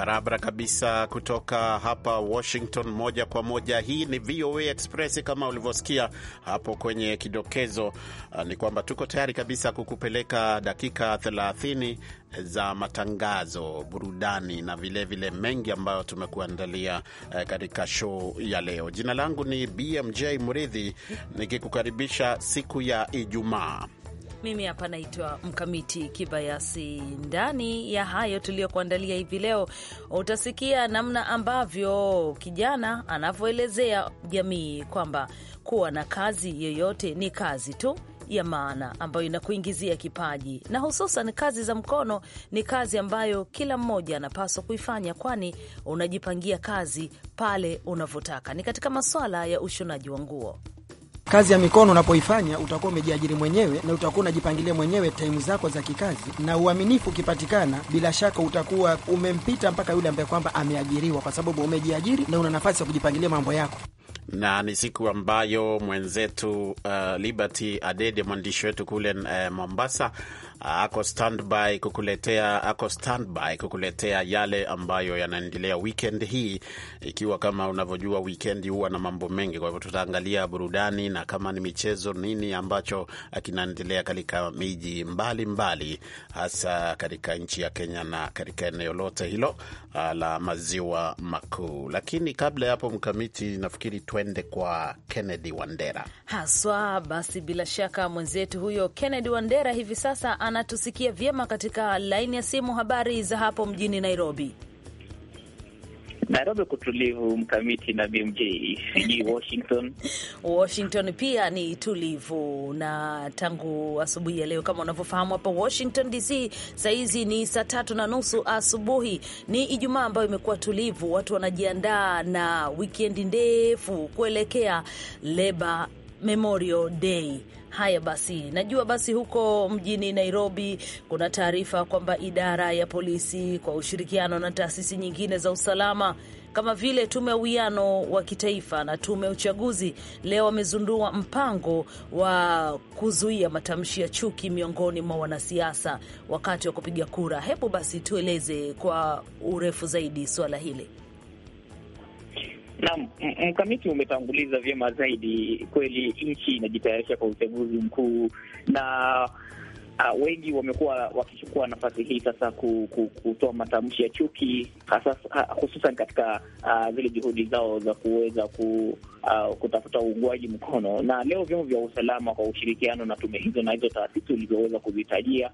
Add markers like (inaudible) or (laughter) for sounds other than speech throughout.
barabara kabisa kutoka hapa Washington, moja kwa moja. Hii ni VOA Express. Kama ulivyosikia hapo kwenye kidokezo, ah, ni kwamba tuko tayari kabisa kukupeleka dakika 30 za matangazo, burudani na vilevile vile mengi ambayo tumekuandalia eh, katika show ya leo. Jina langu ni BMJ Mridhi nikikukaribisha siku ya Ijumaa. Mimi hapa naitwa Mkamiti Kibayasi. Ndani ya hayo tuliyokuandalia hivi leo, utasikia namna ambavyo kijana anavyoelezea jamii kwamba kuwa na kazi yoyote ni kazi tu ya maana ambayo inakuingizia kipaji, na hususan kazi za mkono ni kazi ambayo kila mmoja anapaswa kuifanya, kwani unajipangia kazi pale unavyotaka. Ni katika masuala ya ushonaji wa nguo kazi ya mikono unapoifanya utakuwa umejiajiri mwenyewe na utakuwa unajipangilia mwenyewe taimu zako za kikazi, na uaminifu ukipatikana, bila shaka utakuwa umempita mpaka yule ambaye kwamba ameajiriwa, kwa sababu umejiajiri na una nafasi ya kujipangilia mambo yako na ni siku ambayo mwenzetu uh, Liberty Adede, mwandishi wetu kule uh, Mombasa uh, ako standby kukuletea ako standby kukuletea yale ambayo yanaendelea weekend hii, ikiwa kama unavyojua weekend huwa na mambo mengi. Kwa hivyo tutaangalia burudani na kama ni michezo, nini ambacho uh, kinaendelea katika miji mbalimbali, hasa katika nchi ya Kenya na katika eneo lote hilo uh, la maziwa makuu. Lakini kabla ya hapo, mkamiti nafikiri twende kwa Kennedy Wandera haswa. Basi bila shaka mwenzetu huyo Kennedy Wandera hivi sasa anatusikia vyema katika laini ya simu. Habari za hapo mjini Nairobi? Nairobi kutulivu mkamiti na BMJ, sijui (laughs) Washington. Washington pia ni tulivu, na tangu asubuhi ya leo kama unavyofahamu, hapa Washington DC sahizi ni saa tatu na nusu asubuhi. Ni Ijumaa ambayo imekuwa tulivu, watu wanajiandaa na wikendi ndefu kuelekea Labor Memorial Day Haya basi, najua basi huko mjini Nairobi kuna taarifa kwamba idara ya polisi kwa ushirikiano na taasisi nyingine za usalama kama vile tume ya uwiano wa kitaifa na tume ya uchaguzi leo wamezindua mpango wa kuzuia matamshi ya chuki miongoni mwa wanasiasa wakati wa kupiga kura. Hebu basi tueleze kwa urefu zaidi suala hili. Naam, mkamiti umetanguliza vyema zaidi. Kweli nchi inajitayarisha kwa uchaguzi mkuu na Uh, wengi wamekuwa wakichukua nafasi hii sasa kutoa matamshi ya chuki hasa, hususan katika uh, zile juhudi zao za kuweza ku, uh, kutafuta uungwaji mkono. Na leo vyombo vya usalama kwa ushirikiano na tume hizo na hizo taasisi ulizoweza kuzitajia,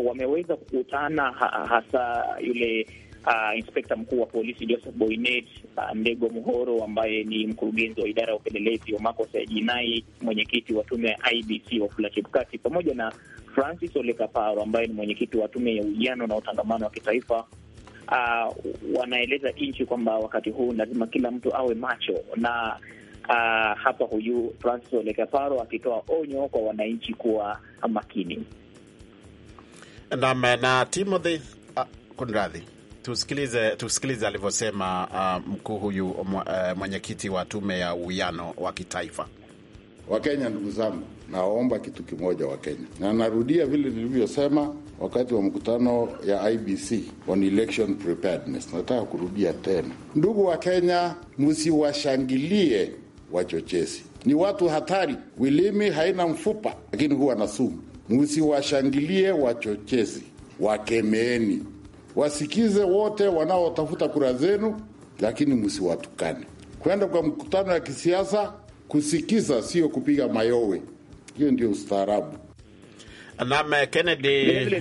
uh, wameweza kukutana, hasa yule uh, inspekta mkuu wa polisi Joseph Boynet uh, ah, Ndego Muhoro ambaye ni mkurugenzi wa idara ya upelelezi wa makosa ya jinai, mwenyekiti wa tume ya IBC Wafula Chebukati, pamoja na Francis Ole Kaparo ambaye ni mwenyekiti wa tume ya uwiano na utangamano wa kitaifa. Uh, wanaeleza nchi kwamba wakati huu lazima kila mtu awe macho na uh, hapa huyu Francis Ole Kaparo akitoa onyo kwa wananchi kuwa makini. Naam, na Timothy uh, kunradhi tusikilize, tusikilize alivyosema uh, mkuu huyu uh, mwenyekiti wa tume ya uwiano wa kitaifa. Wakenya, ndugu zangu, nawaomba kitu kimoja Wakenya, na narudia vile nilivyosema wakati wa mkutano ya IBC on election preparedness. Nataka kurudia tena, ndugu wa kenya msiwashangilie wachochezi. Ni watu hatari, wilimi haina mfupa, lakini huwa na sumu. Msiwashangilie wachochezi, wakemeeni wasikize wote wanaotafuta kura zenu, lakini msiwatukane. Kwenda kwa mkutano ya kisiasa kusikiza, sio kupiga mayowe. Hiyo ndio ustaarabu. Naam, Kennedy,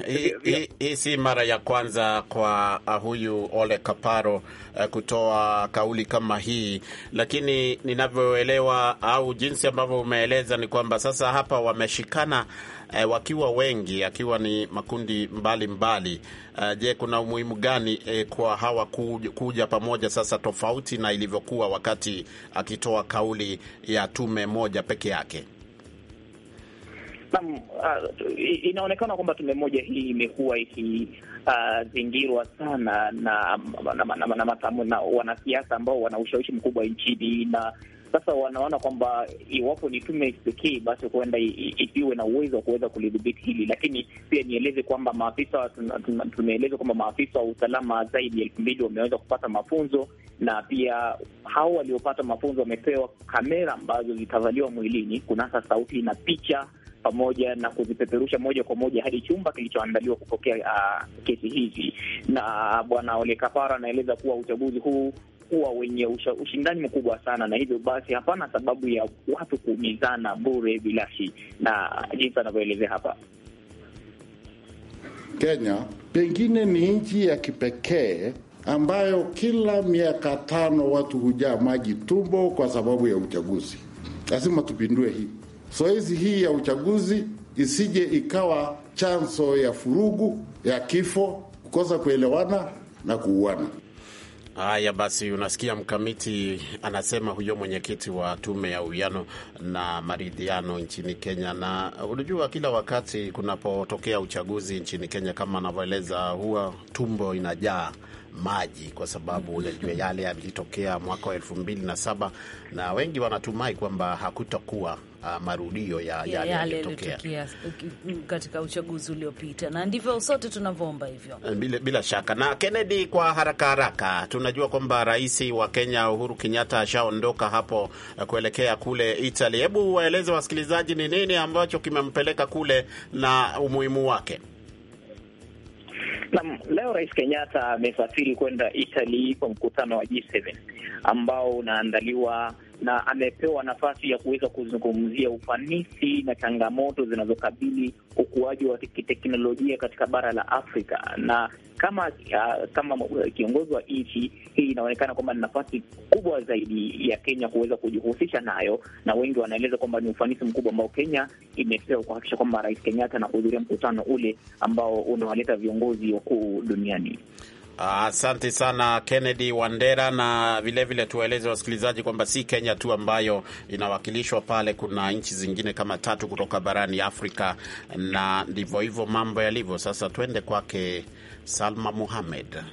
hii si mara ya kwanza kwa ah, huyu Ole Kaparo eh, kutoa kauli kama hii, lakini ninavyoelewa au jinsi ambavyo umeeleza ni kwamba sasa hapa wameshikana eh, wakiwa wengi, akiwa ni makundi mbalimbali mbali. Eh, je, kuna umuhimu gani eh, kwa hawa kuja, kuja pamoja sasa tofauti na ilivyokuwa wakati akitoa kauli ya tume moja peke yake? Naam, uh, inaonekana kwamba tume moja hii imekuwa ikizingirwa uh, sana na, na, na, na, na, na, na wanasiasa ambao wana ushawishi mkubwa nchini na sasa wanaona kwamba iwapo ni tume pekee, basi huenda isiwe na uwezo wa kuweza kulidhibiti hili, lakini pia nieleze kwamba maafisa tumeelezwa kwamba maafisa wa usalama zaidi ya elfu mbili wameweza kupata mafunzo, na pia hao waliopata mafunzo wamepewa kamera ambazo zitavaliwa mwilini kunasa sauti na picha pamoja na kuzipeperusha moja kwa moja hadi chumba kilichoandaliwa kupokea uh, kesi hizi. Na ah, bwana Ole Kapara anaeleza kuwa uchaguzi huu wamekuwa wenye usha, ushindani mkubwa sana, na hivyo basi hapana sababu ya watu kuumizana bure bila shi, na jinsi anavyoelezea hapa Kenya pengine ni nchi ya kipekee ambayo kila miaka tano watu hujaa maji tumbo kwa sababu ya uchaguzi. Lazima tupindue hii zoezi so hii ya uchaguzi isije ikawa chanzo ya furugu ya kifo, kukosa kuelewana na kuuana. Haya basi, unasikia mkamiti anasema huyo mwenyekiti wa tume ya uwiano na maridhiano nchini Kenya. Na unajua kila wakati kunapotokea uchaguzi nchini Kenya, kama anavyoeleza, huwa tumbo inajaa maji kwa sababu unajua yale yalitokea mwaka wa elfu mbili na saba na wengi wanatumai kwamba hakutakuwa uh, marudio ya yale yaliyotokea uh, katika uchaguzi uliopita, na ndivyo sote tunavyoomba hivyo uh, bila, bila shaka. Na Kennedy, kwa haraka haraka, tunajua kwamba rais wa Kenya Uhuru Kenyatta ashaondoka hapo uh, kuelekea kule Italy. Hebu waeleze wasikilizaji ni nini ambacho kimempeleka kule na umuhimu wake. Naam, leo Rais Kenyatta amesafiri kwenda Italy kwa mkutano wa G7 ambao unaandaliwa na amepewa nafasi ya kuweza kuzungumzia ufanisi na changamoto zinazokabili ukuaji wa kiteknolojia katika bara la Afrika na kama uh, kama kiongozi wa nchi hii, inaonekana kwamba ni nafasi kubwa zaidi ya Kenya kuweza kujihusisha nayo, na wengi wanaeleza kwamba ni ufanisi mkubwa ambao Kenya imepewa kuhakikisha kwamba Rais Kenyatta anahudhuria mkutano ule ambao unawaleta viongozi wakuu duniani. Asante uh, sana Kennedy Wandera, na vilevile tuwaeleze wasikilizaji kwamba si Kenya tu ambayo inawakilishwa pale, kuna nchi zingine kama tatu kutoka barani Afrika, na ndivyo hivyo mambo yalivyo. Sasa twende kwake Salma Muhamed.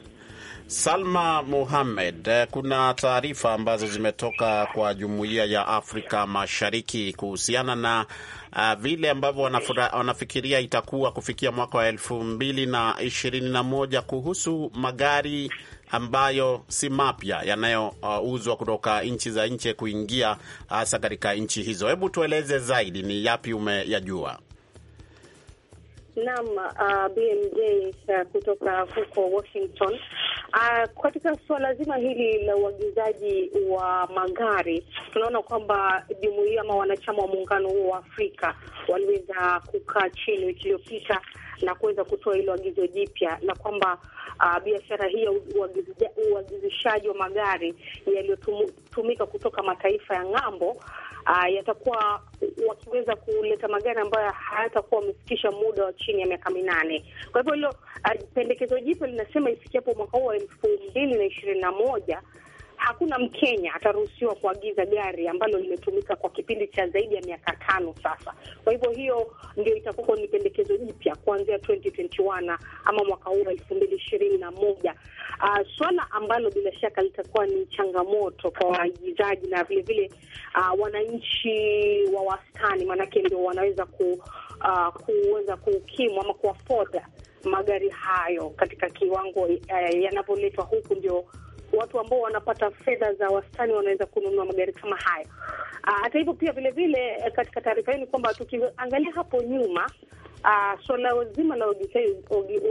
Salma muhamed eh, kuna taarifa ambazo zimetoka kwa Jumuiya ya Afrika Mashariki kuhusiana na uh, vile ambavyo wanafikiria itakuwa kufikia mwaka wa elfu mbili na ishirini na moja kuhusu magari ambayo si mapya yanayouzwa eh, uh, kutoka nchi za nje kuingia hasa katika nchi hizo. Hebu tueleze zaidi, ni yapi umeyajua? Naam, uh, BMJ uh, kutoka huko Washington. Uh, katika suala zima hili la uagizaji wa magari tunaona kwamba jumuiya ama wanachama wa muungano huo wa Afrika waliweza kukaa chini wiki iliyopita na kuweza kutoa hilo agizo jipya na kwamba uh, biashara hii ya uagizishaji wa magari yaliyotumika kutoka mataifa ya ng'ambo uh, yatakuwa wakiweza kuleta magari ambayo hayatakuwa wamefikisha muda wa chini ya miaka minane. Kwa hivyo hilo uh, pendekezo jipya linasema ifikiapo mwaka huu wa elfu mbili na ishirini na moja hakuna Mkenya ataruhusiwa kuagiza gari ambalo limetumika kwa kipindi cha zaidi ya miaka tano sasa. Kwa hivyo hiyo ndio itakuwa ni pendekezo jipya kuanzia 2021 ama mwaka huu elfu mbili ishirini na moja. Uh, swala ambalo bila shaka litakuwa ni changamoto kwa waagizaji na vilevile uh, ah, wananchi wa wastani, maanake ndio wanaweza ku, uh, kuweza kukimu ama kuafoda magari hayo katika kiwango uh, eh, yanavyoletwa huku ndio watu ambao wanapata fedha za wastani wanaweza kununua magari kama hayo. Ah, hata hivyo pia vilevile eh, katika taarifa hii ni kwamba tukiangalia hapo nyuma Uh, ah, suala so zima la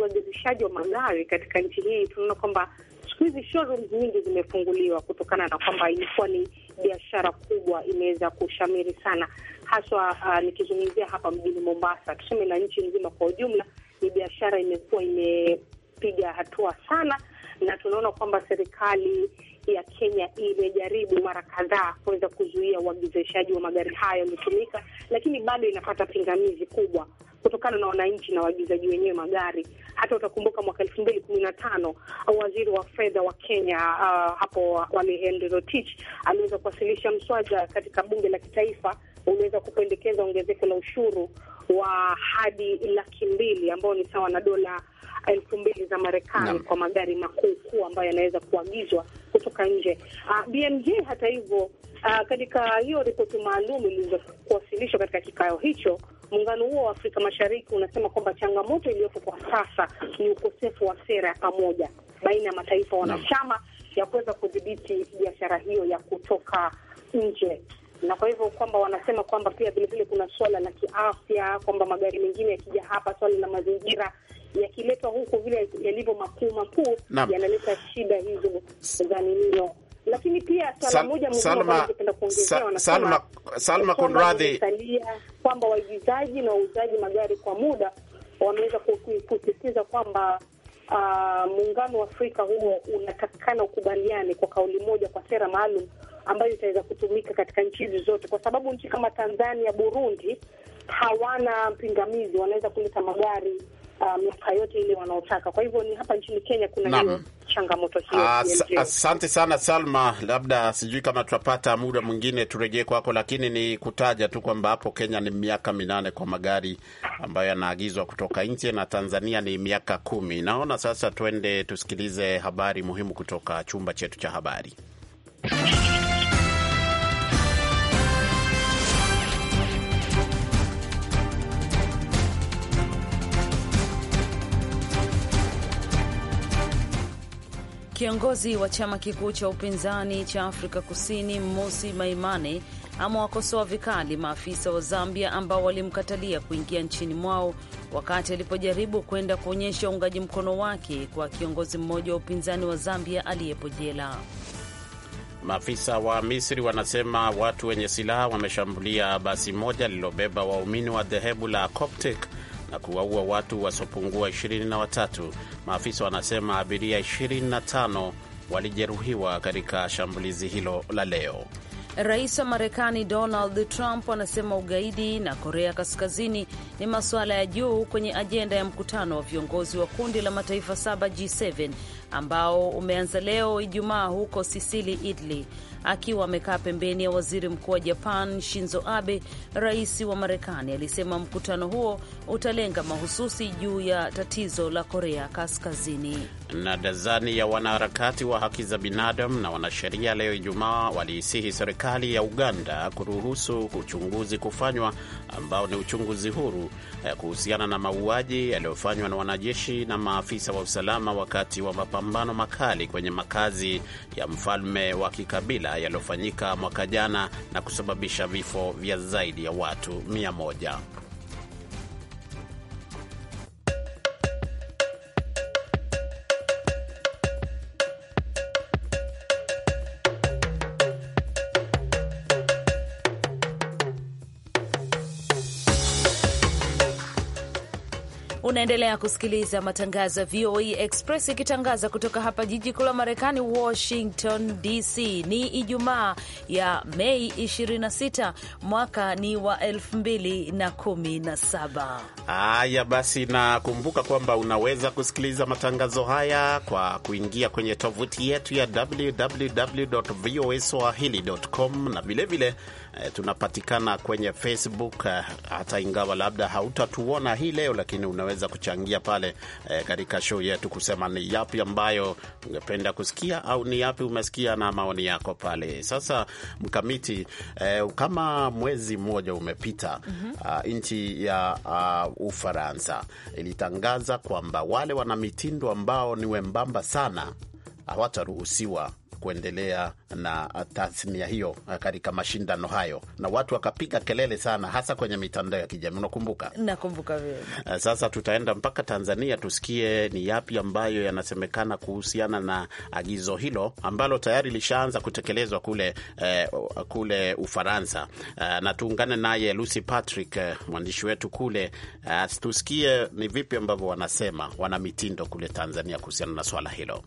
uagizishaji wa magari katika nchi hii tunaona kwamba siku hizi showrooms nyingi zimefunguliwa kutokana na kwamba ilikuwa ni biashara kubwa, imeweza kushamiri sana haswa. Uh, nikizungumzia hapa mjini Mombasa, tuseme na nchi nzima kwa ujumla, ni biashara imekuwa imepiga hatua sana na tunaona kwamba serikali ya Kenya imejaribu mara kadhaa kuweza kuzuia uagizishaji wa magari hayo yametumika, lakini bado inapata pingamizi kubwa kutokana na wananchi na waagizaji wenyewe magari. Hata utakumbuka mwaka elfu mbili kumi na tano waziri wa fedha wa Kenya uh, hapo Wale Henry Rotich aliweza kuwasilisha mswada katika bunge la kitaifa uliweza kupendekeza ongezeko la ushuru wa hadi laki mbili ambao ni sawa na dola elfu mbili za Marekani kwa magari makuu kuu ambayo yanaweza kuagizwa kutoka nje. Uh, ah, BMJ hata hivyo, uh, katika hiyo ripoti maalum ilizokuwasilishwa katika kikao hicho, muungano huo wa Afrika Mashariki unasema kwamba changamoto iliyopo kwa sasa ni ukosefu wa sera ya pamoja baina ya mataifa wanachama ya kuweza kudhibiti biashara hiyo ya kutoka nje na kwa hivyo kwamba wanasema kwamba pia vilevile kuna swala la kiafya, kwamba magari mengine yakija hapa, swala la mazingira yakiletwa huku, vile yalivyo makuu makuu, yanaleta shida hizo za ninio lakini pia swala moja ningependa kuongezea, Salma kwamba waigizaji na wauzaji magari kwa muda wameweza kusisitiza kwamba uh, muungano wa Afrika huo unatakikana ukubaliane kwa kauli moja kwa sera maalum ambayo itaweza kutumika katika nchi hizi zote, kwa sababu nchi kama Tanzania, Burundi hawana pingamizi, wanaweza kuleta magari uh, miaka um, yote ile wanaotaka. Kwa hivyo ni hapa nchini Kenya kuna hiyo changamoto hiyo. Asante sana Salma, labda sijui kama tutapata muda mwingine turejee kwako, lakini ni kutaja tu kwamba hapo Kenya ni miaka minane kwa magari ambayo yanaagizwa kutoka nje na Tanzania ni miaka kumi. Naona sasa tuende tusikilize habari muhimu kutoka chumba chetu cha habari. Kiongozi wa chama kikuu cha upinzani cha Afrika Kusini Musi Maimane amewakosoa vikali maafisa wa Zambia ambao walimkatalia kuingia nchini mwao wakati alipojaribu kwenda kuonyesha uungaji mkono wake kwa kiongozi mmoja wa upinzani wa Zambia aliyepo jela. Maafisa wa Misri wanasema watu wenye silaha wameshambulia basi moja lililobeba waumini wa dhehebu la Coptic na kuwaua watu wasiopungua 23. Maafisa wanasema abiria 25 walijeruhiwa katika shambulizi hilo la leo. Rais wa Marekani Donald Trump anasema ugaidi na Korea Kaskazini ni masuala ya juu kwenye ajenda ya mkutano wa viongozi wa kundi la mataifa saba G7 ambao umeanza leo Ijumaa huko Sisili, Italy. Akiwa amekaa pembeni ya waziri mkuu wa Japan Shinzo Abe, rais wa Marekani alisema mkutano huo utalenga mahususi juu ya tatizo la Korea Kaskazini. Na dazani ya wanaharakati wa haki za binadamu na wanasheria leo Ijumaa waliisihi serikali ya Uganda kuruhusu uchunguzi kufanywa ambao ni uchunguzi huru eh, kuhusiana na mauaji yaliyofanywa na wanajeshi na maafisa wa usalama wakati wa mapambano makali kwenye makazi ya mfalme wa kikabila yaliyofanyika mwaka jana na kusababisha vifo vya zaidi ya watu mia moja. Unaendelea kusikiliza matangazo ya VOA e Express ikitangaza kutoka hapa jiji kuu la Marekani, Washington DC. Ni Ijumaa ya Mei 26 mwaka ni wa 2017. Haya basi, nakumbuka kwamba unaweza kusikiliza matangazo haya kwa kuingia kwenye tovuti yetu ya www voa e swahili.com na vilevile E, tunapatikana kwenye Facebook eh, hata ingawa labda hautatuona hii leo, lakini unaweza kuchangia pale e, katika show yetu kusema ni yapi ambayo ungependa kusikia au ni yapi umesikia na maoni yako pale. Sasa mkamiti, e, kama mwezi mmoja umepita mm -hmm. uh, nchi ya uh, Ufaransa ilitangaza kwamba wale wana mitindo ambao ni wembamba sana hawataruhusiwa kuendelea na tasnia hiyo katika mashindano hayo, na watu wakapiga kelele sana, hasa kwenye mitandao ya kijamii. Unakumbuka? Nakumbuka eh, Sasa tutaenda mpaka Tanzania tusikie ni yapi ambayo yanasemekana kuhusiana na agizo hilo ambalo tayari lishaanza kutekelezwa kule, eh, kule Ufaransa eh, na tuungane naye Lucy Patrick eh, mwandishi wetu kule eh, tusikie ni vipi ambavyo wanasema wana mitindo kule Tanzania kuhusiana na swala hilo.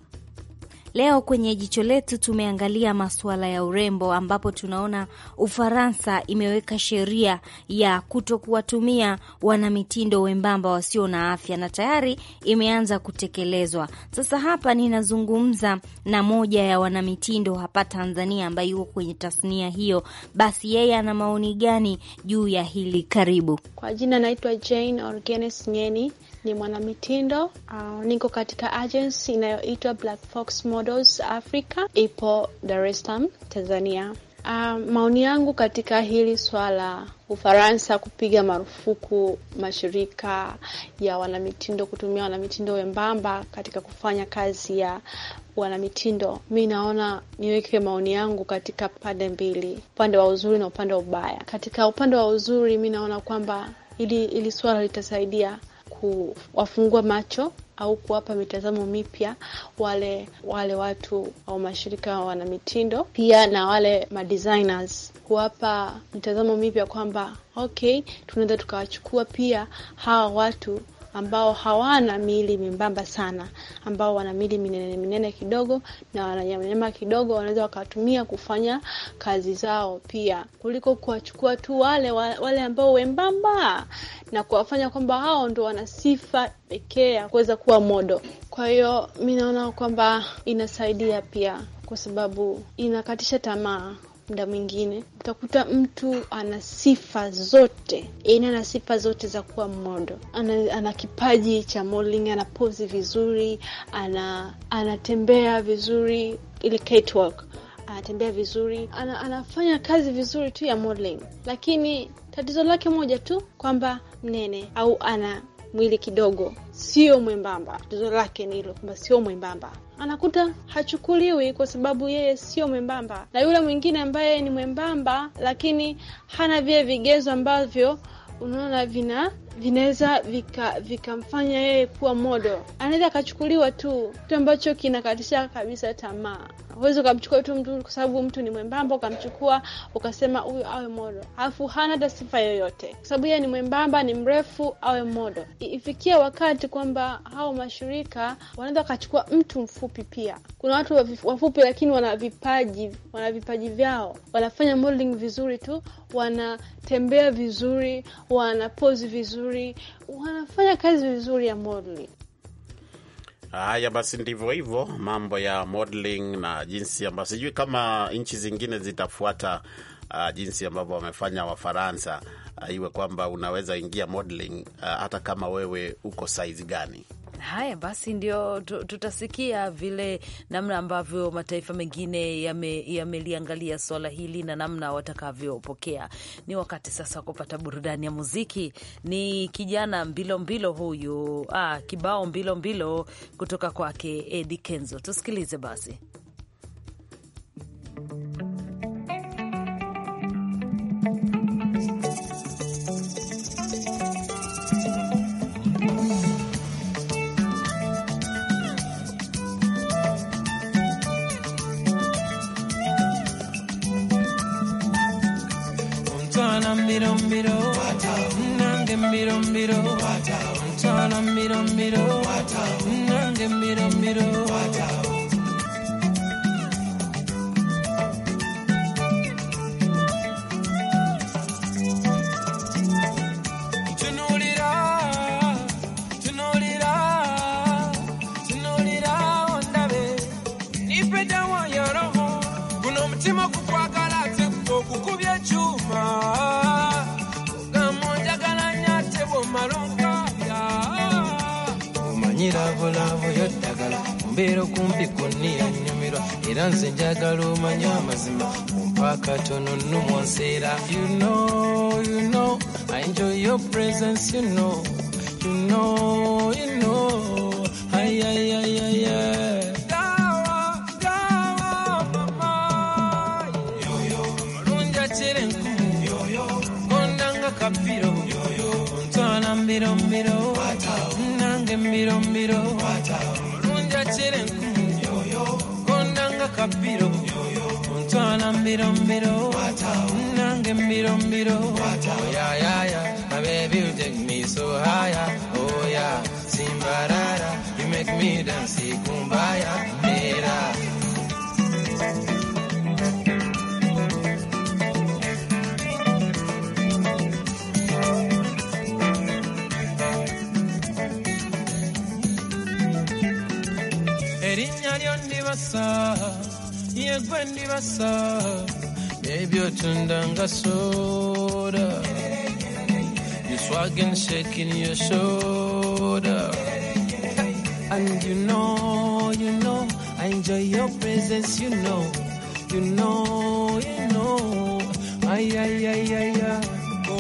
Leo kwenye jicho letu tumeangalia masuala ya urembo, ambapo tunaona Ufaransa imeweka sheria ya kuto kuwatumia wanamitindo wembamba wasio na afya na tayari imeanza kutekelezwa. Sasa hapa ninazungumza na moja ya wanamitindo hapa Tanzania ambaye yuko kwenye tasnia hiyo, basi yeye ana maoni gani juu ya hili? Karibu. Kwa jina naitwa Jane Orgenes Nyeni ni mwanamitindo uh, niko katika agency inayoitwa Black Fox Models Africa, ipo Dar es Salaam, Tanzania. Uh, maoni yangu katika hili swala, Ufaransa kupiga marufuku mashirika ya wanamitindo kutumia wanamitindo wembamba katika kufanya kazi ya wanamitindo, mi naona niweke maoni yangu katika pande mbili, upande wa uzuri na upande wa ubaya. Katika upande wa uzuri, mi naona kwamba hili, hili swala litasaidia kuwafungua macho au kuwapa mitazamo mipya wale wale watu au mashirika wana mitindo pia na wale madesigners, kuwapa mitazamo mipya kwamba okay, tunaweza tukawachukua pia hawa watu ambao hawana miili membamba sana, ambao wana miili minene minene kidogo na wananyamanyama kidogo, wanaweza wakatumia kufanya kazi zao pia, kuliko kuwachukua tu wale wale ambao wembamba na kuwafanya kwamba hao ndo wana sifa pekee ya kuweza kuwa modo. Kwa hiyo mi naona kwamba inasaidia pia, kwa sababu inakatisha tamaa muda mwingine utakuta mtu ana sifa zote, yaani ana sifa zote za kuwa modo, ana, ana kipaji cha modeling, ana pozi vizuri, ana anatembea vizuri, ile catwalk anatembea vizuri, ana, anafanya kazi vizuri tu ya modeling, lakini tatizo lake moja tu kwamba mnene au ana mwili kidogo sio mwembamba. Tatizo lake ni hilo kwamba sio mwembamba, anakuta hachukuliwi kwa sababu yeye sio mwembamba, na yule mwingine ambaye ni mwembamba lakini hana vile vigezo ambavyo unaona vina vinaweza vikamfanya vika yeye kuwa modo, anaweza akachukuliwa tu, kitu ambacho kinakatisha kabisa tamaa. Huwezi ukamchukua tu mtu kwa sababu mtu ni mwembamba ukamchukua ukasema huyu awe modo, alafu hana hata sifa yoyote, kwa sababu yeye ni mwembamba, ni mrefu, awe modo. Ifikia wakati kwamba hao mashirika wanaweza wakachukua mtu mfupi pia. Kuna watu wafupi, lakini wana vipaji, wana vipaji vyao, wanafanya modeling vizuri tu, wanatembea vizuri, wanapozi vizuri vizuri, wanafanya kazi vizuri ya modeling. Haya basi, ndivyo hivyo mambo ya modeling na jinsi ambayo, sijui kama nchi zingine zitafuata uh, jinsi ambavyo wamefanya Wafaransa, uh, iwe kwamba unaweza ingia modeling uh, hata kama wewe uko saizi gani. Haya basi, ndio tutasikia vile namna ambavyo mataifa mengine yameliangalia yame swala hili na namna watakavyopokea. Ni wakati sasa wa kupata burudani ya muziki. Ni kijana mbilombilo mbilo huyu, ah, kibao mbilombilo mbilo kutoka kwake Eddie Kenzo. Tusikilize basi. bambi kunniyanyumirwa era nze njagala omanye amazima mumpa katono nno mu nseera you know, you know, I enjoy your presence, you know, you know, you know, ay, ay, ay, ay, ay. kapiro ntwala mbirombiro nange mbirombiro ka biro ntwala mbiro mbiro nange mbiro mbiro my baby you take me so high, oh yeah simbarara you make me dance kumbaya mera erinnya lyo ndibasa ye gwe ndibasa n'ebyotunda nga soda you swaggin shaking your shoulder and you know you know I enjoy your presence you know you know you know ay ay ay ay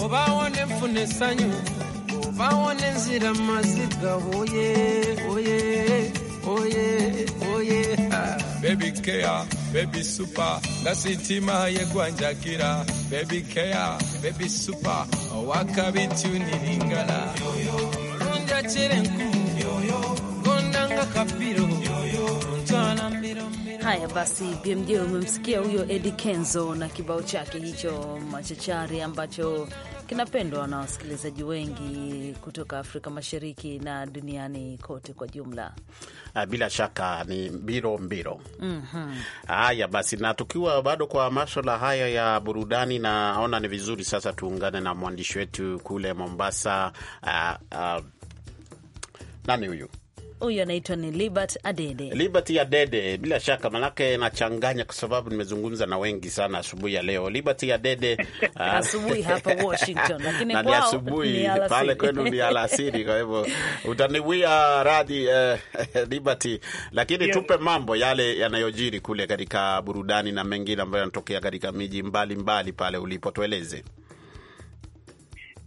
obawo ne mfuna essanyu obawo ne nzira maziga oye oye oh yeah, oh yeah. Baby kea baby super, nasitima yegwanjagira. Baby kea baby super, wakabitu nilingala. Runja chirenku, gondanga kapiro, mtwana mbiro. Haya basi, BMJ umemsikia huyo Eddie Kenzo na kibao chake hicho machachari ambacho kinapendwa na wasikilizaji wengi kutoka Afrika Mashariki na duniani kote kwa jumla. Ah, bila shaka ni mbiro mbiro. mm -hmm. Haya basi, na tukiwa bado kwa maswala haya ya burudani, naona ni vizuri sasa tuungane na mwandishi wetu kule Mombasa. Uh, uh, nani huyu? huyu anaitwa ni Libert Adede. Libert Adede, bila shaka manake nachanganya kwa sababu nimezungumza na wengi sana asubuhi ya leo. Libert Adede (laughs) ah, asubuhi hapa Washington, (laughs) lakini kwao ni asubuhi, pale kwenu ni alasiri. Kwa hivyo (laughs) utaniwia radi uh, eh, Libert, lakini yeah, tupe mambo yale yanayojiri kule katika burudani na mengine ambayo yanatokea katika miji mbalimbali mbali pale ulipo, tueleze.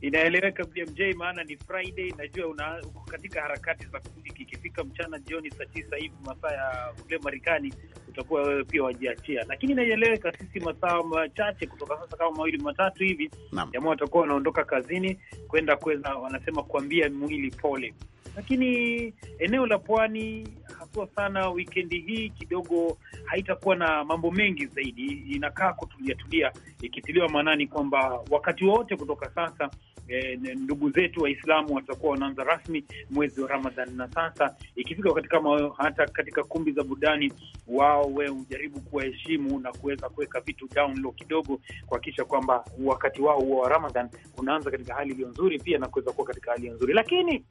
Inaeleweka BMJ, maana ni Friday. Najua una uko katika harakati za muziki. kikifika mchana jioni, saa tisa hivi masaa ya kule Marekani, utakuwa wewe pia wajiachia, lakini inaeleweka. Sisi masaa machache kutoka sasa, kama mawili matatu hivi, jamaa watakuwa wanaondoka kazini kwenda kuweza, wanasema kuambia mwili pole, lakini eneo la pwani haswa sana wikendi hii kidogo haitakuwa na mambo mengi zaidi, inakaa kutuliatulia, ikitiliwa maanani kwamba wakati wowote kutoka sasa E, ndugu zetu Waislamu watakuwa wanaanza rasmi mwezi wa Ramadhan, na sasa ikifika wakati kama hata katika kumbi za burudani wao wewe hujaribu kuwaheshimu na kuweza kuweka vitu down low kidogo, kuhakikisha kwamba wakati wao huo wa Ramadhan unaanza katika hali iliyo nzuri, pia na kuweza kuwa katika hali nzuri, lakini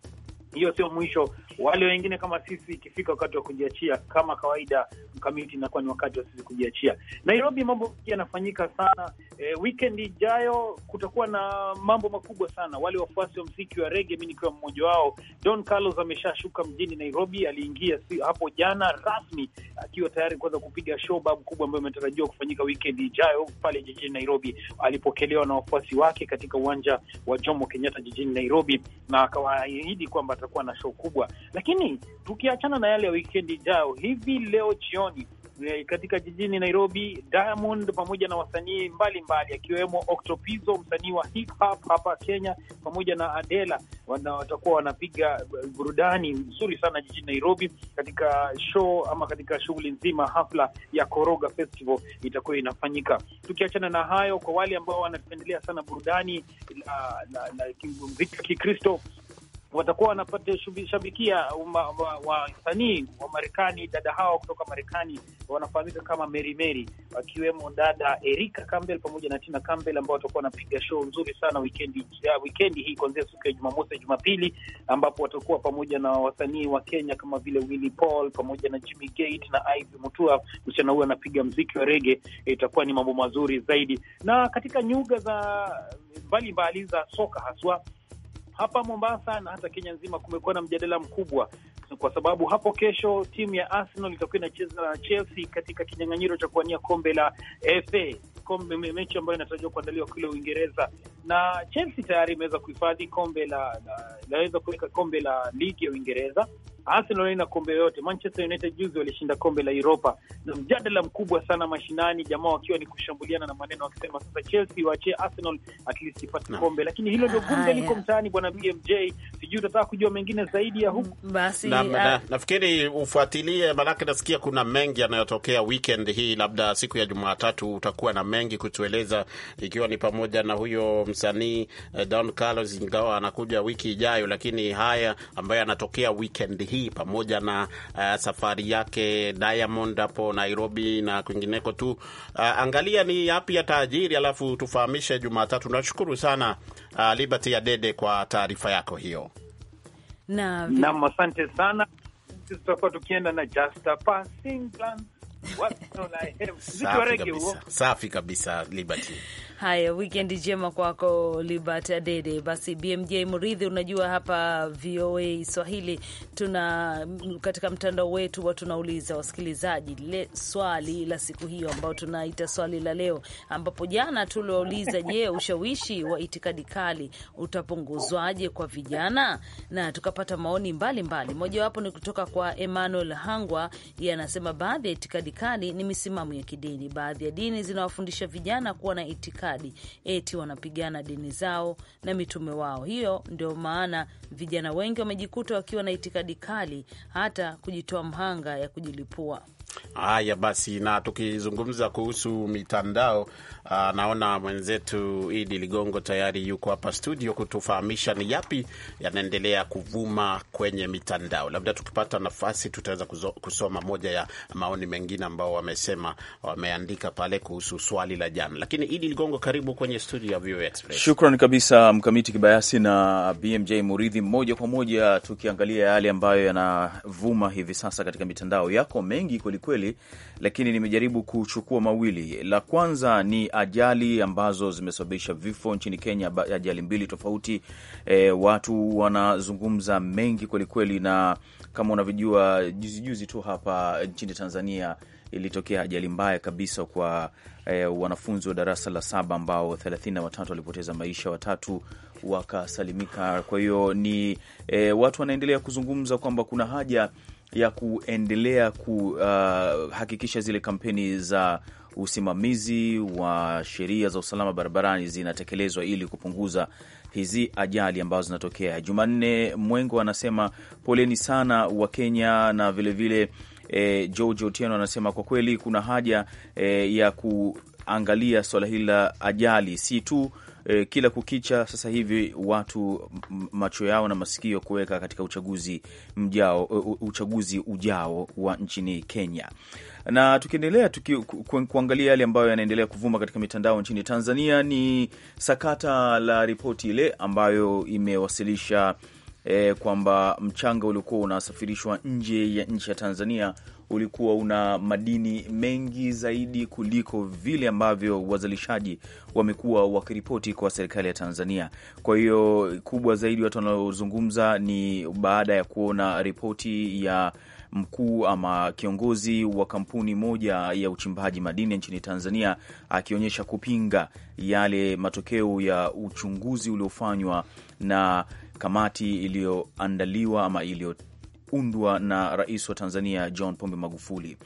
hiyo sio mwisho. Wale wengine kama sisi, ikifika wakati wa kujiachia, kama kawaida, mkamiti inakuwa ni wakati wa sisi kujiachia. Nairobi mambo mengi yanafanyika sana. E, weekend ijayo kutakuwa na mambo makubwa sana. Wale wafuasi wa mziki wa rege, mi nikiwa mmoja wao, Don Carlos ameshashuka mjini Nairobi, aliingia si, hapo jana rasmi, akiwa tayari kuweza kupiga show bab kubwa ambayo imetarajiwa kufanyika weekend ijayo pale jijini Nairobi. Alipokelewa na wafuasi wake katika uwanja wa Jomo Kenyatta jijini Nairobi, na akawaahidi kwamba kutakuwa na show kubwa. Lakini tukiachana na yale ya wikendi ijayo, hivi leo jioni eh, katika jijini Nairobi, Diamond pamoja na wasanii mbalimbali akiwemo Octopizzo, msanii wa hip hop hapa Kenya, pamoja na Adela watakuwa wanapiga burudani nzuri sana jijini Nairobi, katika show ama katika shughuli nzima, hafla ya Koroga Festival itakuwa inafanyika. Tukiachana na hayo, kwa wale ambao wanapendelea sana burudani la, la, la, la, la Kikristo watakuwa wanapata shabikia wasanii wa Marekani. Dada hawa kutoka Marekani wanafahamika kama Mary Mary, wakiwemo dada Erika Campbell pamoja na Tina Campbell ambao watakuwa wanapiga show nzuri sana wikendi eh, wikendi hii kuanzia siku ya Jumamosi a Jumapili, ambapo watakuwa pamoja na wasanii wa Kenya kama vile Willy Paul pamoja na Jimmy Gate na Ivy Mutua. Msichana huyo anapiga mziki wa rege, eh, itakuwa ni mambo mazuri zaidi. Na katika nyuga za mbalimbali za soka haswa hapa Mombasa na hata Kenya nzima kumekuwa na mjadala mkubwa kwa sababu hapo kesho timu ya Arsenal itakuwa inacheza na Chelsea katika kinyang'anyiro cha kuwania kombe la FA, kombe mechi ambayo inatarajiwa kuandaliwa kule Uingereza, na Chelsea tayari imeweza kuhifadhi kombe la, la, laweza kuweka kombe la ligi ya Uingereza Arsenal haina kombe yoyote. Manchester United juzi walishinda kombe la Europa, na mjadala mkubwa sana mashinani, jamaa wakiwa ni kushambuliana na maneno, wakisema sasa Chelsea waache Arsenal at least ipate no. kombe. Lakini hilo ndio gumzo liko mtaani, bwana BMJ. Sijui utataka kujua mengine zaidi ya huku, basi na, na, uh, nafikiri ufuatilie, maanake nasikia kuna mengi yanayotokea weekend hii. Labda siku ya Jumatatu utakuwa na mengi kutueleza, ikiwa ni pamoja na huyo msanii uh, Don Carlos, ingawa anakuja wiki ijayo, lakini haya ambayo yanatokea weekend hii hii pamoja na uh, safari yake Diamond hapo Nairobi na kwingineko tu. Uh, angalia ni yapi taajiri alafu tufahamishe Jumatatu. Nashukuru sana uh, Liberty ya Dede kwa taarifa yako hiyo. Naam, asante sana. Sisi tutakuwa tukienda na just a passing glance. Safi kabisa, safi kabisa Liberty. Haya, wikendi njema kwako Libata Dede. Basi BMJ Mridhi, unajua hapa VOA Swahili tuna katika mtandao wetu wa tunauliza wasikilizaji le swali la siku hiyo, ambayo tunaita swali la leo, ambapo jana tuliwauliza, je, ushawishi wa itikadi kali utapunguzwaje kwa vijana? Na tukapata maoni mbalimbali, mojawapo ni kutoka kwa Emmanuel Hangwa, yeye anasema baadhi ya itikadi kali ni misimamo ya kidini. Baadhi ya dini zinawafundisha vijana kuwa na itikadi itikadi, eti wanapigana dini zao na mitume wao. Hiyo ndio maana vijana wengi wamejikuta wakiwa na itikadi kali, hata kujitoa mhanga ya kujilipua. Haya basi, na tukizungumza kuhusu mitandao Uh, naona mwenzetu Idi Ligongo tayari yuko hapa studio kutufahamisha ni yapi yanaendelea kuvuma kwenye mitandao. Labda tukipata nafasi tutaweza kusoma moja ya maoni mengine ambao wamesema wameandika pale kuhusu swali la jana. Lakini Idi Ligongo, karibu kwenye studio ya VOA Express. Shukran kabisa Mkamiti Kibayasi na BMJ Muridhi. Moja kwa moja tukiangalia yale ambayo yanavuma hivi sasa katika mitandao, yako mengi kwelikweli, lakini nimejaribu kuchukua mawili. La kwanza ni ajali ambazo zimesababisha vifo nchini Kenya, ajali mbili tofauti. E, watu wanazungumza mengi kwelikweli, na kama unavyojua, juzijuzi tu hapa nchini Tanzania ilitokea ajali mbaya kabisa kwa e, wanafunzi wa darasa la saba ambao thelathini na watatu walipoteza maisha, watatu wakasalimika. Kwa hiyo ni e, watu wanaendelea kuzungumza kwamba kuna haja ya kuendelea kuhakikisha uh, zile kampeni za usimamizi wa sheria za usalama barabarani zinatekelezwa ili kupunguza hizi ajali ambazo zinatokea. Jumanne Mwengo anasema poleni sana wa kenya na vilevile vile, e, George Tieno anasema kwa kweli kuna haja e, ya kuangalia swala hili la ajali si tu E, kila kukicha sasa hivi watu macho yao na masikio kuweka katika uchaguzi mjao, e, uchaguzi ujao wa nchini Kenya. Na tukiendelea tuki, kuangalia yale ambayo yanaendelea kuvuma katika mitandao nchini Tanzania ni sakata la ripoti ile ambayo imewasilisha E, kwamba mchanga uliokuwa unasafirishwa nje ya nchi ya Tanzania ulikuwa una madini mengi zaidi kuliko vile ambavyo wazalishaji wamekuwa wakiripoti kwa serikali ya Tanzania. Kwa hiyo kubwa zaidi watu wanaozungumza ni baada ya kuona ripoti ya mkuu ama kiongozi wa kampuni moja ya uchimbaji madini nchini Tanzania akionyesha kupinga yale matokeo ya uchunguzi uliofanywa na kamati iliyoandaliwa ama iliyoundwa na rais wa Tanzania John Pombe Magufuli.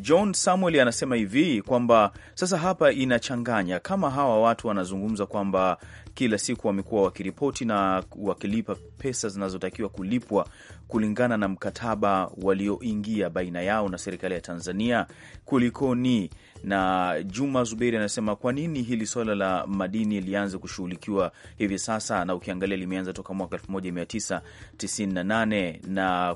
John Samuel anasema hivi kwamba sasa hapa inachanganya, kama hawa watu wanazungumza kwamba kila siku wamekuwa wakiripoti na wakilipa pesa zinazotakiwa kulipwa kulingana na mkataba walioingia baina yao na serikali ya Tanzania. Kulikoni? Na Juma Zuberi anasema kwa nini hili swala la madini lianze kushughulikiwa hivi sasa, na ukiangalia limeanza toka mwaka 1998 na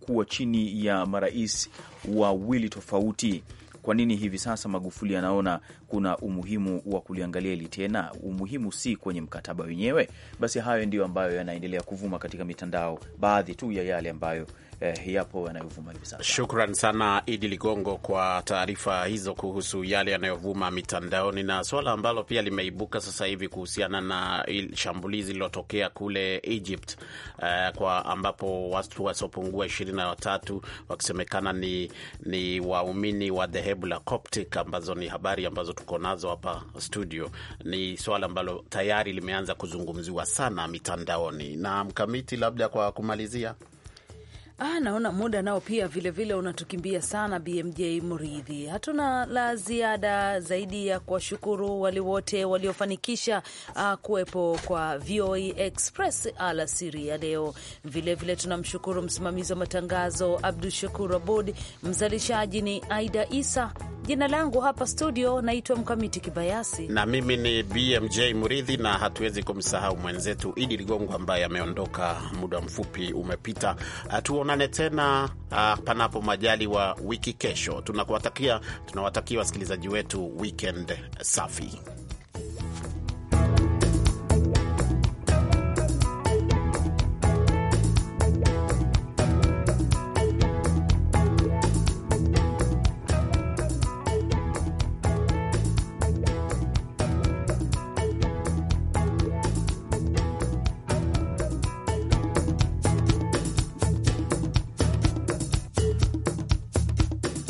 kuwa chini ya marais wawili tofauti. Kwa nini hivi sasa Magufuli anaona kuna umuhimu wa kuliangalia hili tena? Umuhimu si kwenye mkataba wenyewe? Basi hayo ndiyo ambayo yanaendelea kuvuma katika mitandao, baadhi tu ya yale ambayo eh, yapo yanayovuma hivi sasa. Shukran sana Idi Ligongo kwa taarifa hizo kuhusu yale yanayovuma mitandaoni na swala ambalo pia limeibuka sasa hivi kuhusiana na shambulizi lilotokea kule Egypt eh, kwa ambapo watu wasiopungua ishirini na watatu wakisemekana ni, ni waumini wa dhehebu la Coptic ambazo ni habari ambazo tuko nazo hapa studio. Ni swala ambalo tayari limeanza kuzungumziwa sana mitandaoni na mkamiti, labda kwa kumalizia Ah, naona muda nao pia vilevile vile unatukimbia sana, BMJ Muridhi. Hatuna la ziada zaidi ya kuwashukuru wale wote waliofanikisha uh, kuwepo kwa VOA Express alasiri ya leo. Vilevile tunamshukuru msimamizi wa matangazo Abdu Shakur Abud, mzalishaji ni Aida Isa. Jina langu hapa studio naitwa Mkamiti Kibayasi na mimi ni BMJ Muridhi, na hatuwezi kumsahau mwenzetu Idi Ligongo ambaye ameondoka muda mfupi umepita. Hatuona ah, tuonane tena uh, panapo wa wiki kesho. Tunawatakia tunawatakia wasikilizaji wetu weekend safi.